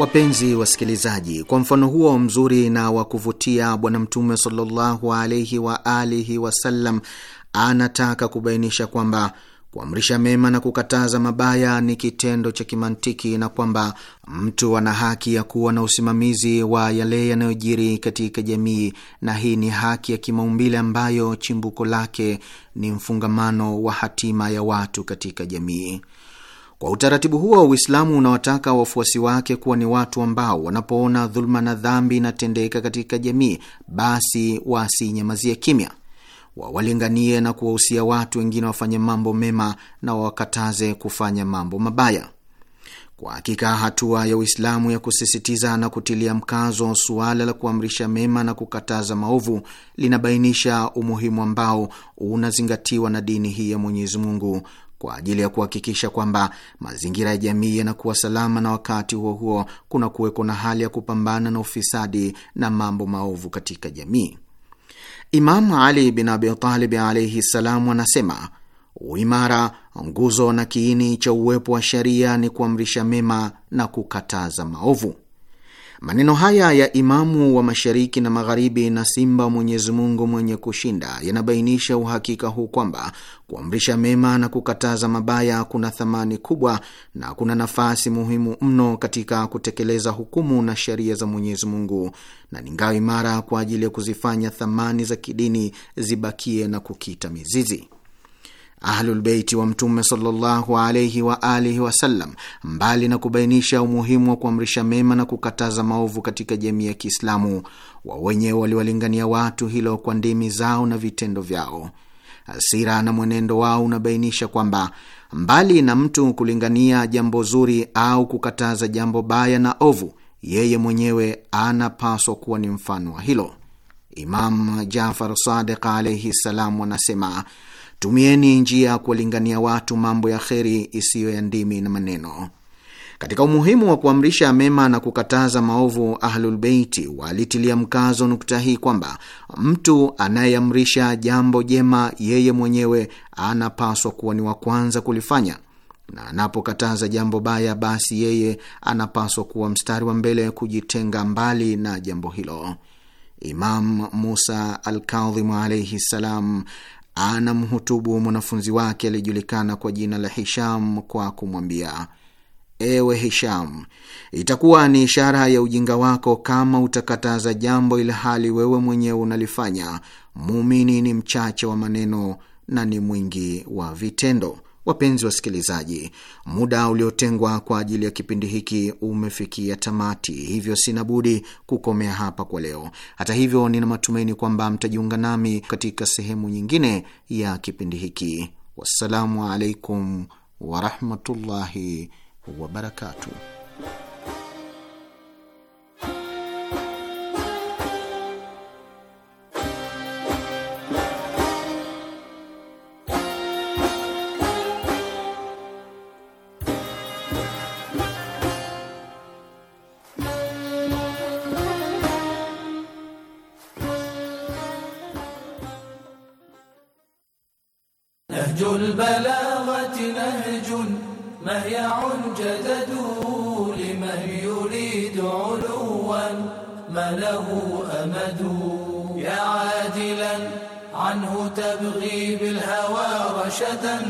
Wapenzi wasikilizaji, kwa mfano huo mzuri na wa kuvutia, Bwana Mtume sallallahu alaihi wa alihi wasallam anataka kubainisha kwamba kuamrisha mema na kukataza mabaya ni kitendo cha kimantiki na kwamba mtu ana haki ya kuwa na usimamizi wa yale yanayojiri katika jamii, na hii ni haki ya kimaumbile ambayo chimbuko lake ni mfungamano wa hatima ya watu katika jamii. Kwa utaratibu huo, Uislamu unawataka wafuasi wake kuwa ni watu ambao wanapoona dhuluma na dhambi inatendeka katika jamii, basi wasinyamazie kimya, wawalinganie na kuwahusia watu wengine wafanye mambo mema na wawakataze kufanya mambo mabaya. Kwa hakika hatua ya Uislamu ya kusisitiza na kutilia mkazo suala la kuamrisha mema na kukataza maovu linabainisha umuhimu ambao unazingatiwa na dini hii ya Mwenyezi Mungu kwa ajili ya kuhakikisha kwamba mazingira ya jamii yanakuwa salama, na wakati huo huo kuna kuweko na hali ya kupambana na ufisadi na mambo maovu katika jamii. Imamu Ali bin Abi Talib alaihi salamu anasema uimara, nguzo na kiini cha uwepo wa sheria ni kuamrisha mema na kukataza maovu. Maneno haya ya imamu wa mashariki na magharibi na simba Mwenyezi Mungu mwenye kushinda yanabainisha uhakika huu kwamba kuamrisha mema na kukataza mabaya kuna thamani kubwa na kuna nafasi muhimu mno katika kutekeleza hukumu na sheria za Mwenyezi Mungu, na ni ngao imara kwa ajili ya kuzifanya thamani za kidini zibakie na kukita mizizi. Ahlulbeiti wa Mtume sallallahu alaihi wa alihi wasallam, mbali na kubainisha umuhimu wa kuamrisha mema na kukataza maovu katika jamii ya Kiislamu, wao wenyewe waliwalingania watu hilo kwa ndimi zao na vitendo vyao. asira na mwenendo wao unabainisha kwamba mbali na mtu kulingania jambo zuri au kukataza jambo baya na ovu, yeye mwenyewe anapaswa kuwa ni mfano wa hilo. Imam Jafar Sadiq alaihi salam anasema Tumieni njia ya kuwalingania watu mambo ya kheri isiyo ya ndimi na maneno. Katika umuhimu wa kuamrisha mema na kukataza maovu, Ahlulbeiti walitilia mkazo nukta hii kwamba mtu anayeamrisha jambo jema yeye mwenyewe anapaswa kuwa ni wa kwanza kulifanya, na anapokataza jambo baya, basi yeye anapaswa kuwa mstari wa mbele kujitenga mbali na jambo hilo. Imam Musa Alkadhimu alaihi ssalam anamhutubu mwanafunzi wake aliyejulikana kwa jina la Hisham kwa kumwambia, ewe Hisham, itakuwa ni ishara ya ujinga wako kama utakataza jambo ilhali wewe mwenyewe unalifanya. Muumini ni mchache wa maneno na ni mwingi wa vitendo. Wapenzi wasikilizaji, muda uliotengwa kwa ajili ya kipindi hiki umefikia tamati, hivyo sina budi kukomea hapa kwa leo. Hata hivyo, nina matumaini kwamba mtajiunga nami katika sehemu nyingine ya kipindi hiki. Wassalamu alaikum warahmatullahi wabarakatuh. له أمد يا عادلا عنه تبغي بالهوى رشدا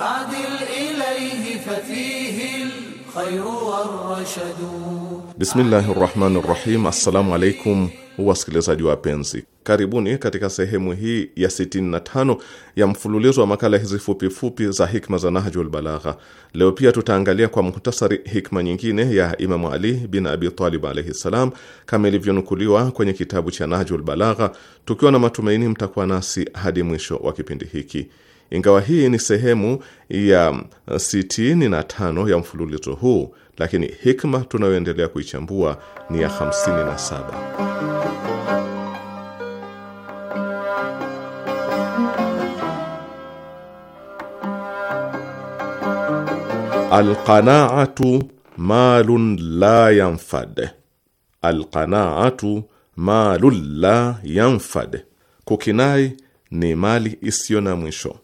أعدل إليه ففيه الخير والرشد Bismillahi rahmani rahim. Assalamu alaikum wasikilizaji wapenzi, karibuni katika sehemu hii ya 65 ya mfululizo wa makala hizi fupifupi za hikma za Nahjul Balagha. Leo pia tutaangalia kwa muhtasari hikma nyingine ya Imamu Ali bin Abi Talib alaihi ssalam, kama ilivyonukuliwa kwenye kitabu cha Nahjul Balagha, tukiwa na matumaini mtakuwa nasi hadi mwisho wa kipindi hiki. Ingawa hii ni sehemu ya 65 ya mfululizo huu, lakini hikma tunayoendelea kuichambua ni ya 57. Alqanaatu malun la yanfad, alqanaatu malun la yanfad, kukinai ni mali isiyo na mwisho.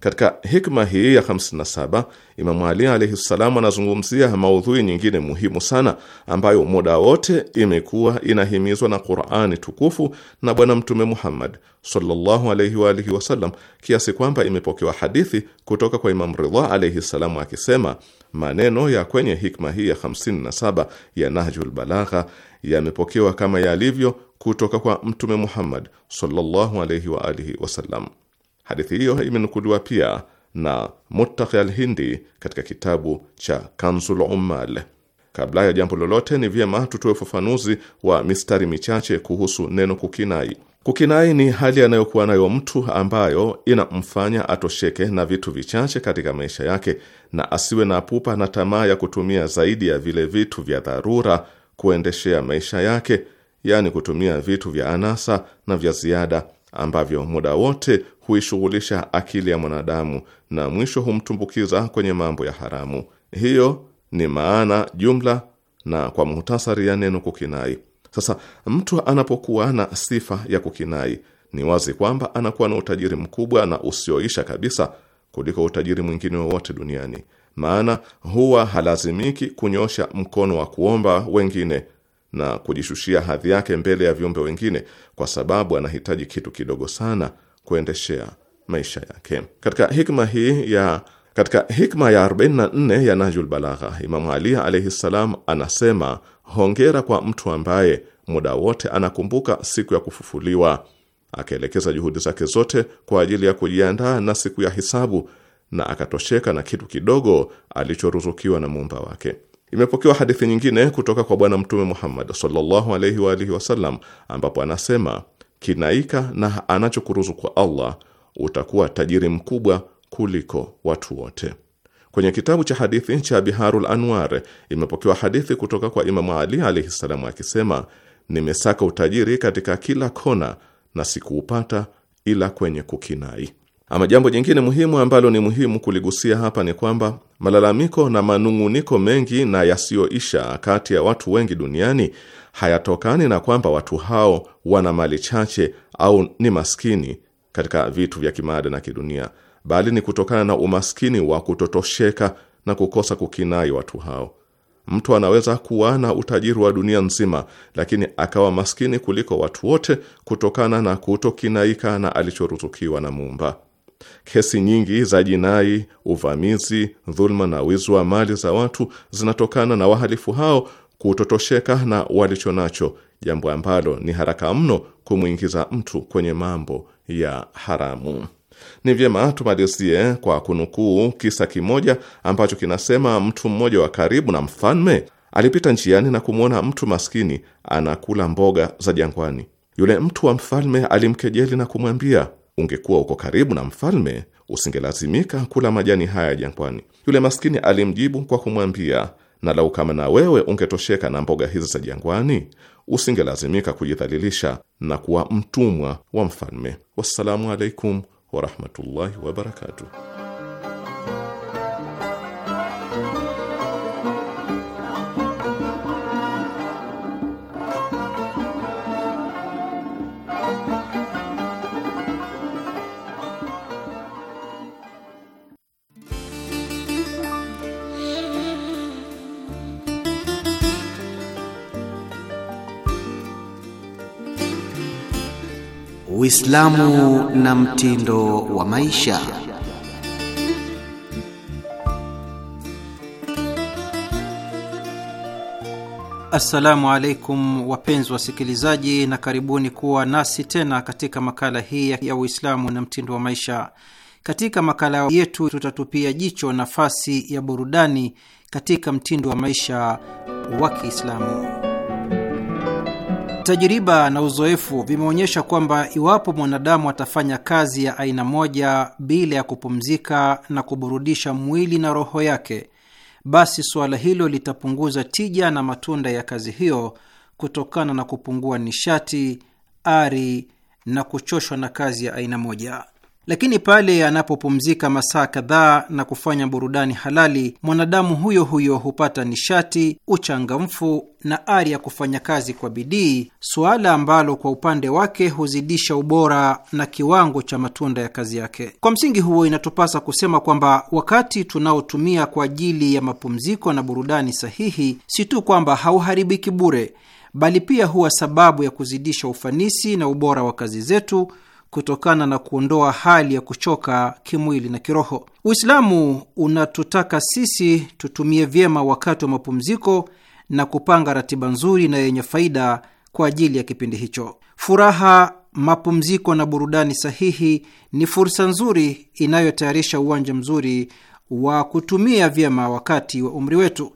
Katika hikma hii ya 57 Imamu Ali alaihi ssalam anazungumzia maudhui nyingine muhimu sana ambayo muda wote imekuwa inahimizwa na Qurani tukufu na Bwana Mtume Muhammad sallallahu alaihi wa alihi wasallam, kiasi kwamba imepokewa hadithi kutoka kwa Imamu Ridha alaihi ssalamu akisema maneno ya kwenye hikma hii ya 57 ya Nahjul Balagha yamepokewa kama yalivyo kutoka kwa Mtume Muhammad sallallahu alaihi wa alihi wasallam. Hadithi hiyo imenukuliwa pia na Muttaqi al-Hindi katika kitabu cha Kanzul Ummal. Kabla ya jambo lolote, ni vyema tutoe ufafanuzi wa mistari michache kuhusu neno kukinai. Kukinai ni hali anayokuwa nayo mtu ambayo inamfanya atosheke na vitu vichache katika maisha yake na asiwe na pupa na tamaa ya kutumia zaidi ya vile vitu vya dharura kuendeshea maisha yake, yaani kutumia vitu vya anasa na vya ziada ambavyo muda wote huishughulisha akili ya mwanadamu na mwisho humtumbukiza kwenye mambo ya haramu. Hiyo ni maana jumla na kwa muhtasari ya neno kukinai. Sasa mtu anapokuwa na sifa ya kukinai, ni wazi kwamba anakuwa na utajiri mkubwa na usioisha kabisa kuliko utajiri mwingine wowote duniani, maana huwa halazimiki kunyosha mkono wa kuomba wengine na kujishushia hadhi yake mbele ya viumbe wengine, kwa sababu anahitaji kitu kidogo sana kuendeshea maisha yake. Katika hikma hii ya katika hikma ya 44 ya Nahjul Balagha, Imamu Ali alayhi salam anasema, hongera kwa mtu ambaye muda wote anakumbuka siku ya kufufuliwa, akaelekeza juhudi zake zote kwa ajili ya kujiandaa na siku ya hisabu na akatosheka na kitu kidogo alichoruzukiwa na muumba wake. Imepokewa hadithi nyingine kutoka kwa Bwana Mtume Muhammad sallallahu alayhi wa alihi wasallam ambapo anasema kinaika na anachokuruzu kwa Allah, utakuwa tajiri mkubwa kuliko watu wote. Kwenye kitabu cha hadithi cha Biharul Anwar imepokewa hadithi kutoka kwa Imamu Ali alaihi salamu akisema, nimesaka utajiri katika kila kona na sikuupata ila kwenye kukinai. Ama jambo jingine muhimu ambalo ni muhimu kuligusia hapa ni kwamba malalamiko na manung'uniko mengi na yasiyoisha kati ya watu wengi duniani hayatokani na kwamba watu hao wana mali chache au ni maskini katika vitu vya kimaada na kidunia, bali ni kutokana na umaskini wa kutotosheka na kukosa kukinai watu hao. Mtu anaweza kuwa na utajiri wa dunia nzima, lakini akawa maskini kuliko watu wote kutokana na kutokinaika na alichoruzukiwa na Muumba. Kesi nyingi za jinai, uvamizi, dhuluma na wizi wa mali za watu zinatokana na wahalifu hao kutotosheka na walichonacho, jambo ambalo ni haraka mno kumwingiza mtu kwenye mambo ya haramu. Ni vyema tumalizie kwa kunukuu kisa kimoja ambacho kinasema, mtu mmoja wa karibu na mfalme alipita njiani na kumwona mtu maskini anakula mboga za jangwani. Yule mtu wa mfalme alimkejeli na kumwambia ungekuwa uko karibu na mfalme, usingelazimika kula majani haya jangwani. Yule maskini alimjibu kwa kumwambia, na lau kama na wewe ungetosheka na mboga hizi za jangwani, usingelazimika kujidhalilisha na kuwa mtumwa wa mfalme. Wassalamu alaikum warahmatullahi wabarakatuh. Uislamu na mtindo wa maisha. Assalamu alaikum wapenzi wasikilizaji, na karibuni kuwa nasi tena katika makala hii ya Uislamu na mtindo wa maisha. Katika makala yetu tutatupia jicho nafasi ya burudani katika mtindo wa maisha wa Kiislamu. Tajiriba na uzoefu vimeonyesha kwamba iwapo mwanadamu atafanya kazi ya aina moja bila ya kupumzika na kuburudisha mwili na roho yake, basi suala hilo litapunguza tija na matunda ya kazi hiyo kutokana na kupungua nishati, ari na kuchoshwa na kazi ya aina moja lakini pale anapopumzika masaa kadhaa na kufanya burudani halali, mwanadamu huyo huyo hupata nishati, uchangamfu na ari ya kufanya kazi kwa bidii, suala ambalo kwa upande wake huzidisha ubora na kiwango cha matunda ya kazi yake. Kwa msingi huo, inatupasa kusema kwamba wakati tunaotumia kwa ajili ya mapumziko na burudani sahihi, si tu kwamba hauharibiki bure, bali pia huwa sababu ya kuzidisha ufanisi na ubora wa kazi zetu kutokana na kuondoa hali ya kuchoka kimwili na kiroho. Uislamu unatutaka sisi tutumie vyema wakati wa mapumziko na kupanga ratiba nzuri na yenye faida kwa ajili ya kipindi hicho. Furaha, mapumziko na burudani sahihi ni fursa nzuri inayotayarisha uwanja mzuri wa kutumia vyema wakati wa umri wetu.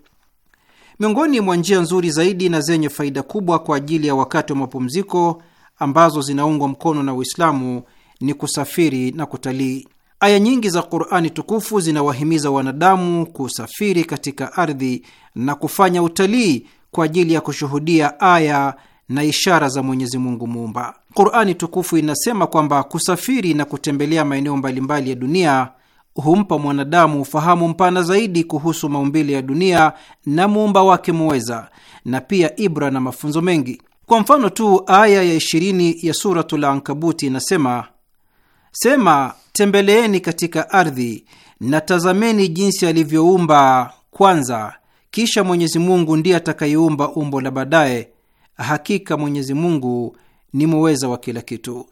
Miongoni mwa njia nzuri zaidi na zenye faida kubwa kwa ajili ya wakati wa mapumziko ambazo zinaungwa mkono na Uislamu ni kusafiri na kutalii. Aya nyingi za Qurani tukufu zinawahimiza wanadamu kusafiri katika ardhi na kufanya utalii kwa ajili ya kushuhudia aya na ishara za Mwenyezi Mungu Muumba. Qurani tukufu inasema kwamba kusafiri na kutembelea maeneo mbalimbali ya dunia humpa mwanadamu ufahamu mpana zaidi kuhusu maumbile ya dunia na muumba wake muweza, na pia ibra na mafunzo mengi. Kwa mfano tu, aya ya 20 ya Suratul Ankabuti inasema: Sema, tembeleeni katika ardhi na tazameni jinsi alivyoumba kwanza, kisha Mwenyezi Mungu ndiye atakayeumba umbo la baadaye. Hakika Mwenyezi Mungu ni muweza wa kila kitu.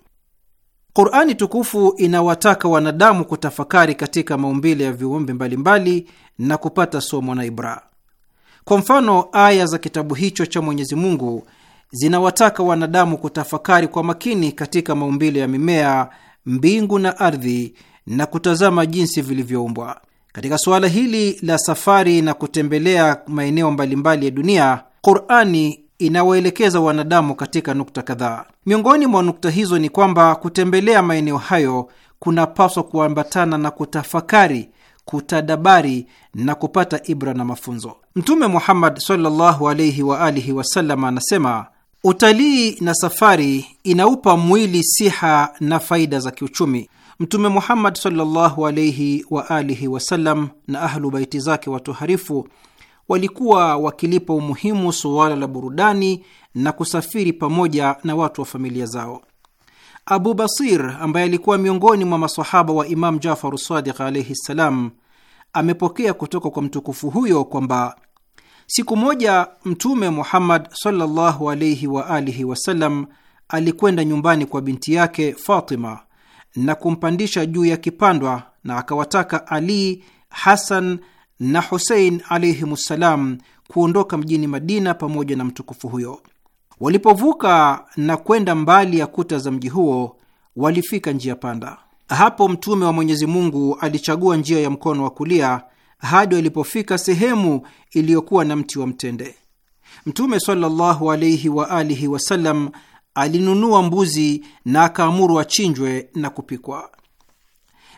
Qurani tukufu inawataka wanadamu kutafakari katika maumbile ya viumbe mbalimbali na kupata somo na ibra. Kwa mfano, aya za kitabu hicho cha Mwenyezi Mungu zinawataka wanadamu kutafakari kwa makini katika maumbile ya mimea, mbingu na ardhi na kutazama jinsi vilivyoumbwa. Katika suala hili la safari na kutembelea maeneo mbalimbali ya dunia, Qurani inawaelekeza wanadamu katika nukta kadhaa. Miongoni mwa nukta hizo ni kwamba kutembelea maeneo hayo kunapaswa kuambatana na kutafakari, kutadabari na kupata ibra na mafunzo. Mtume Muhammad sallallahu alaihi wa alihi wasallam anasema Utalii na safari inaupa mwili siha na faida za kiuchumi. Mtume Muhammad sallallahu alaihi wa alihi wasallam na ahlu baiti zake watoharifu walikuwa wakilipa umuhimu suala la burudani na kusafiri pamoja na watu wa familia zao. Abu Basir ambaye alikuwa miongoni mwa masahaba wa Imam Jafaru Sadiq alaihi ssalam amepokea kutoka kwa mtukufu huyo kwamba Siku moja Mtume Muhammad sallallahu alaihi wa alihi wasallam alikwenda nyumbani kwa binti yake Fatima na kumpandisha juu ya kipandwa, na akawataka Ali, Hasan na Husein alaihim ssalam kuondoka mjini Madina pamoja na mtukufu huyo. Walipovuka na kwenda mbali ya kuta za mji huo, walifika njia panda. Hapo Mtume wa Mwenyezi Mungu alichagua njia ya mkono wa kulia hadi walipofika sehemu iliyokuwa na mti wa mtende. Mtume sallallahu alaihi wa alihi wasallam alinunua mbuzi na akaamuru achinjwe na kupikwa.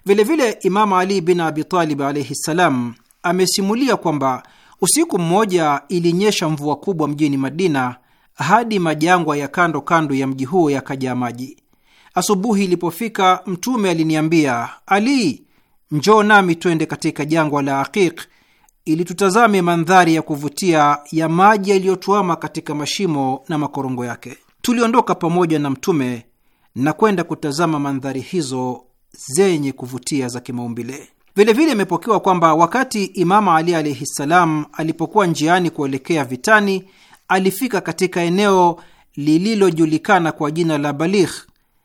Vilevile Imamu Ali bin Abitalib alaihi ssalam amesimulia kwamba usiku mmoja ilinyesha mvua kubwa mjini Madina hadi majangwa ya kando kando ya mji huo yakajaa maji. Asubuhi ilipofika, Mtume aliniambia, Ali, Njoo nami twende katika jangwa la Aqiq ili tutazame mandhari ya kuvutia ya maji yaliyotuama katika mashimo na makorongo yake. Tuliondoka pamoja na Mtume na kwenda kutazama mandhari hizo zenye kuvutia za kimaumbile. Vilevile imepokewa kwamba wakati imamu Ali alaihi ssalam alipokuwa njiani kuelekea vitani, alifika katika eneo lililojulikana kwa jina la Baligh.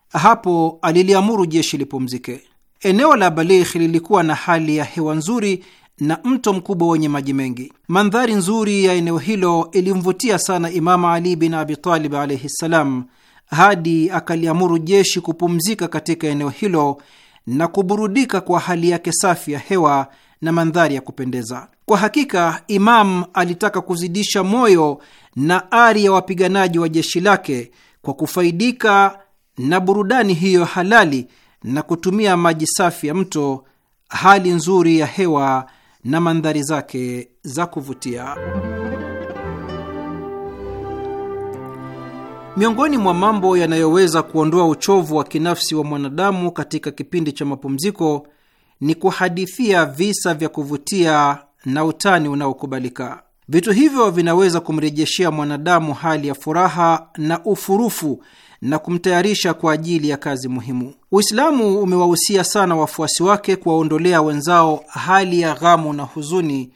Hapo aliliamuru jeshi lipumzike. Eneo la Balikh lilikuwa na hali ya hewa nzuri na mto mkubwa wenye maji mengi. Mandhari nzuri ya eneo hilo ilimvutia sana Imamu Ali bin Abitalib alaihi ssalam, hadi akaliamuru jeshi kupumzika katika eneo hilo na kuburudika kwa hali yake safi ya hewa na mandhari ya kupendeza. Kwa hakika, Imam alitaka kuzidisha moyo na ari ya wapiganaji wa jeshi lake kwa kufaidika na burudani hiyo halali na kutumia maji safi ya mto, hali nzuri ya hewa na mandhari zake za kuvutia. Miongoni mwa mambo yanayoweza kuondoa uchovu wa kinafsi wa mwanadamu katika kipindi cha mapumziko ni kuhadithia visa vya kuvutia na utani unaokubalika. Vitu hivyo vinaweza kumrejeshea mwanadamu hali ya furaha na ufurufu na kumtayarisha kwa ajili ya kazi muhimu. Uislamu umewahusia sana wafuasi wake kuwaondolea wenzao hali ya ghamu na huzuni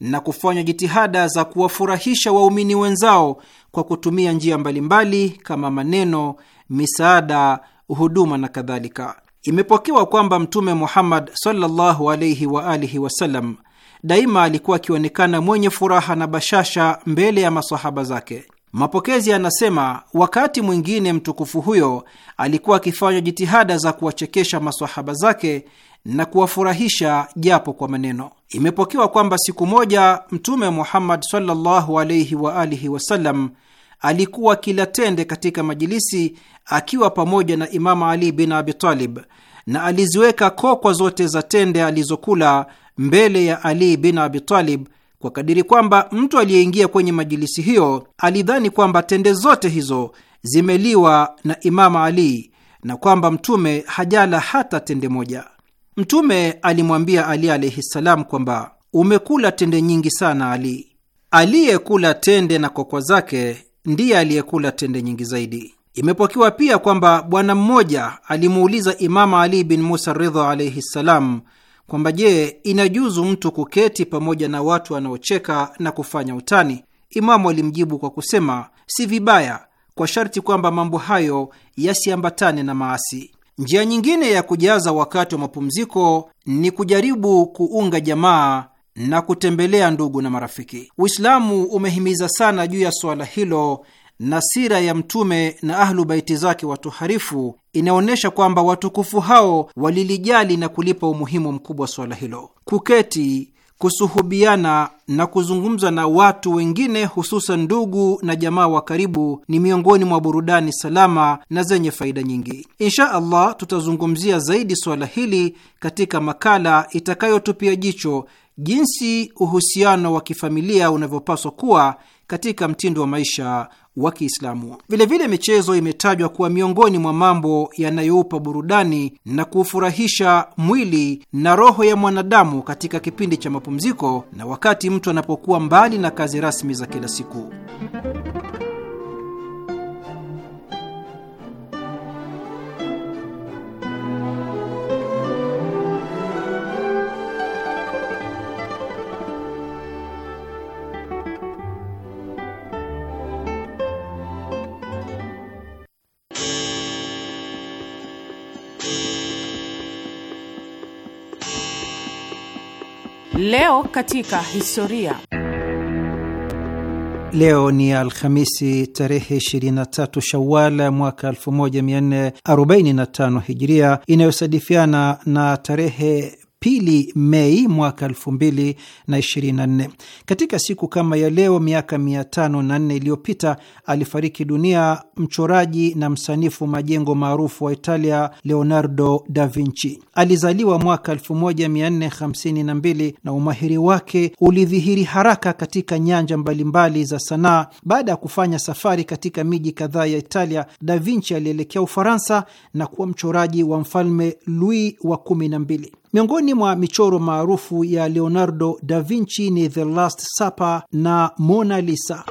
na kufanya jitihada za kuwafurahisha waumini wenzao kwa kutumia njia mbalimbali kama maneno, misaada, huduma na kadhalika. Imepokewa kwamba Mtume Muhammad sallallahu alaihi wa alihi wasallam daima alikuwa akionekana mwenye furaha na bashasha mbele ya masahaba zake. Mapokezi anasema wakati mwingine mtukufu huyo alikuwa akifanya jitihada za kuwachekesha masahaba zake na kuwafurahisha japo kwa maneno. Imepokewa kwamba siku moja Mtume Muhammad sallallahu wa alihi wasallam alikuwa kila tende katika majilisi akiwa pamoja na Imamu Ali bin Abitalib, na aliziweka kokwa zote za tende alizokula mbele ya Ali bin Abitalib kwa kadiri kwamba mtu aliyeingia kwenye majilisi hiyo alidhani kwamba tende zote hizo zimeliwa na Imamu Ali na kwamba Mtume hajala hata tende moja. Mtume alimwambia Ali alaihi ssalam kwamba umekula tende nyingi sana Ali. Aliyekula tende na kokwa zake ndiye aliyekula tende nyingi zaidi. Imepokewa pia kwamba bwana mmoja alimuuliza Imamu Ali bin Musa Ridha alaihi ssalam kwamba je, inajuzu mtu kuketi pamoja na watu wanaocheka na kufanya utani? Imamu alimjibu kwa kusema, si vibaya, kwa sharti kwamba mambo hayo yasiambatane na maasi. Njia nyingine ya kujaza wakati wa mapumziko ni kujaribu kuunga jamaa na kutembelea ndugu na marafiki. Uislamu umehimiza sana juu ya suala hilo na sira ya Mtume na Ahlu Baiti zake watoharifu inaonyesha kwamba watukufu hao walilijali na kulipa umuhimu mkubwa swala hilo. Kuketi, kusuhubiana na kuzungumza na watu wengine, hususan ndugu na jamaa wa karibu, ni miongoni mwa burudani salama na zenye faida nyingi. Insha Allah tutazungumzia zaidi swala hili katika makala itakayotupia jicho jinsi uhusiano wa kifamilia unavyopaswa kuwa katika mtindo wa maisha wa Kiislamu. Vilevile, michezo imetajwa kuwa miongoni mwa mambo yanayoupa burudani na kuufurahisha mwili na roho ya mwanadamu katika kipindi cha mapumziko na wakati mtu anapokuwa mbali na kazi rasmi za kila siku. Leo katika historia. Leo ni Alhamisi tarehe 23 Shawal mwaka 1445 Hijiria, inayosadifiana na tarehe pili Mei mwaka nne. Katika siku kama ya leo miaka nne iliyopita alifariki dunia mchoraji na msanifu majengo maarufu wa Italia Leonardo da Vinci. Alizaliwa mwaka hamsini na umahiri wake ulidhihiri haraka katika nyanja mbalimbali za sanaa. Baada ya kufanya safari katika miji kadhaa ya Italia, da Vinci alielekea Ufaransa na kuwa mchoraji wa mfalme Louis wa kumi na mbili Miongoni mwa michoro maarufu ya Leonardo da Vinci ni The Last Supper na Mona Lisa.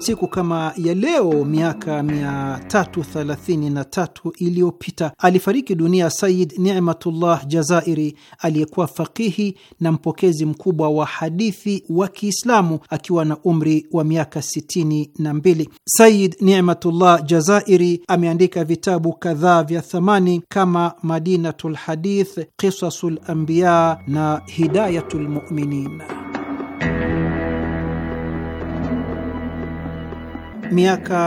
Siku kama ya leo miaka 333 iliyopita alifariki dunia Sayid Nimatullah Jazairi, aliyekuwa fakihi na mpokezi mkubwa wa hadithi wa Kiislamu akiwa na umri wa miaka 62. Sayid Nimatullah Jazairi ameandika vitabu kadhaa vya thamani kama Madinatul Hadith, Qisasul Anbiya na Hidayatul Muminin. miaka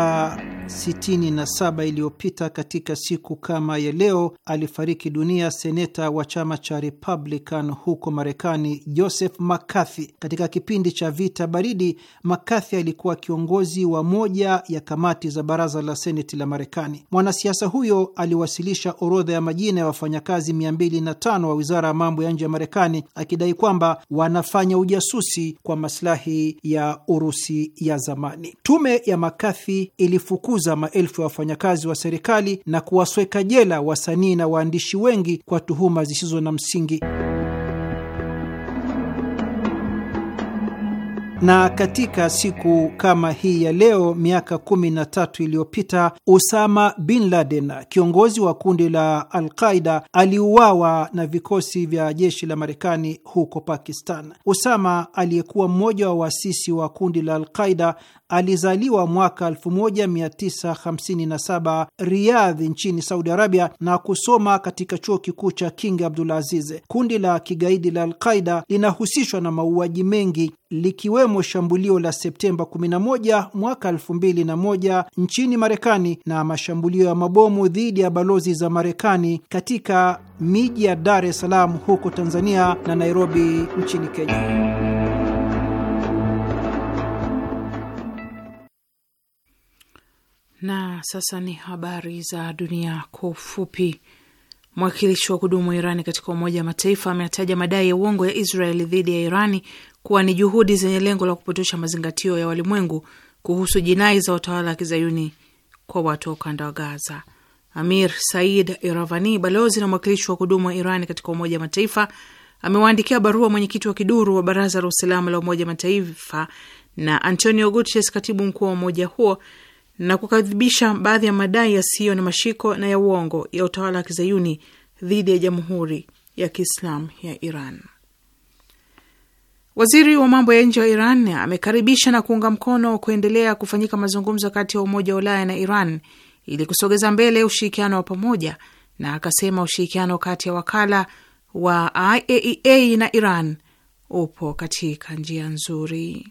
67 iliyopita katika siku kama ya leo alifariki dunia seneta wa chama cha Republican huko Marekani, Joseph McCarthy. Katika kipindi cha vita baridi, McCarthy alikuwa kiongozi wa moja ya kamati za baraza la seneti la Marekani. Mwanasiasa huyo aliwasilisha orodha ya majina ya wafanyakazi 205 wa wizara ya mambo ya nje ya Marekani akidai kwamba wanafanya ujasusi kwa maslahi ya Urusi ya zamani. Tume ya McCarthy ilifuku kuwafukuza maelfu ya wafanyakazi wa serikali na kuwasweka jela wasanii na waandishi wengi kwa tuhuma zisizo na msingi. Na katika siku kama hii ya leo miaka kumi na tatu iliyopita Usama bin Laden, kiongozi wa kundi la Alqaida, aliuawa na vikosi vya jeshi la Marekani huko Pakistan. Usama aliyekuwa mmoja wa waasisi wa kundi la Alqaida alizaliwa mwaka 1957 riadhi nchini Saudi Arabia na kusoma katika chuo kikuu cha King Abdulaziz. Kundi la kigaidi la Alqaida linahusishwa na mauaji mengi likiwemo shambulio la Septemba 11 mwaka 2001 nchini Marekani na mashambulio ya mabomu dhidi ya balozi za Marekani katika miji ya Dar es Salaam huko Tanzania na Nairobi nchini Kenya. Na sasa ni habari za dunia kwa ufupi. Mwakilishi wa kudumu wa Irani katika Umoja wa Mataifa ameataja madai ya uongo ya Israeli dhidi ya Irani kuwa ni juhudi zenye lengo la kupotosha mazingatio ya walimwengu kuhusu jinai za utawala wa kizayuni kwa watu wa ukanda wa Gaza. Amir Said Iravani, balozi na mwakilishi wa kudumu wa Iran katika Umoja wa Mataifa, amewaandikia barua mwenyekiti wa kiduru wa Baraza la Usalama la Umoja Mataifa na Antonio Guterres, katibu mkuu wa umoja huo, na kukadhibisha baadhi ya madai yasiyo na mashiko na ya uongo ya utawala wa kizayuni dhidi ya Jamhuri ya Kiislamu ya Iran. Waziri wa mambo ya nje wa Iran amekaribisha na kuunga mkono kuendelea kufanyika mazungumzo kati ya Umoja wa Ulaya na Iran ili kusogeza mbele ushirikiano wa pamoja, na akasema ushirikiano kati ya wakala wa IAEA e na Iran upo katika njia nzuri.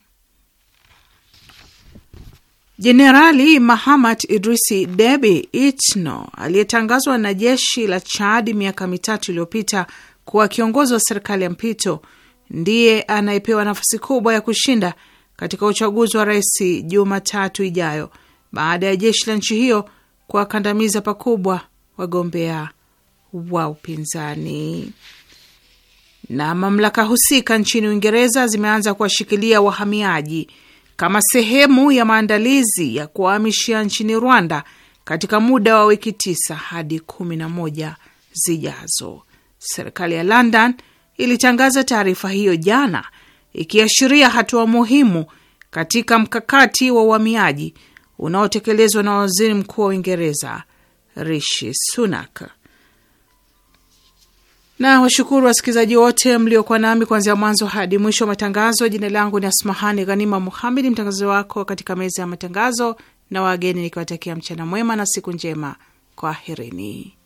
Jenerali Mahamat Idrisi Debi Itno aliyetangazwa na jeshi la Chad miaka mitatu iliyopita kuwa kiongozi wa serikali ya mpito ndiye anayepewa nafasi kubwa ya kushinda katika uchaguzi wa rais Jumatatu ijayo baada ya jeshi la nchi hiyo kuwakandamiza pakubwa wagombea wa upinzani. Na mamlaka husika nchini Uingereza zimeanza kuwashikilia wahamiaji kama sehemu ya maandalizi ya kuwahamishia nchini Rwanda katika muda wa wiki tisa hadi kumi na moja zijazo. Serikali ya London ilitangaza taarifa hiyo jana, ikiashiria hatua muhimu katika mkakati wa uhamiaji unaotekelezwa na waziri mkuu wa Uingereza Rishi Sunak. Na washukuru wasikilizaji wote mliokuwa nami kuanzia mwanzo hadi mwisho wa matangazo. Jina langu ni Asmahani Ghanima Muhamedi, mtangazaji wako katika meza ya matangazo na wageni, nikiwatakia mchana mwema na siku njema. Kwaherini.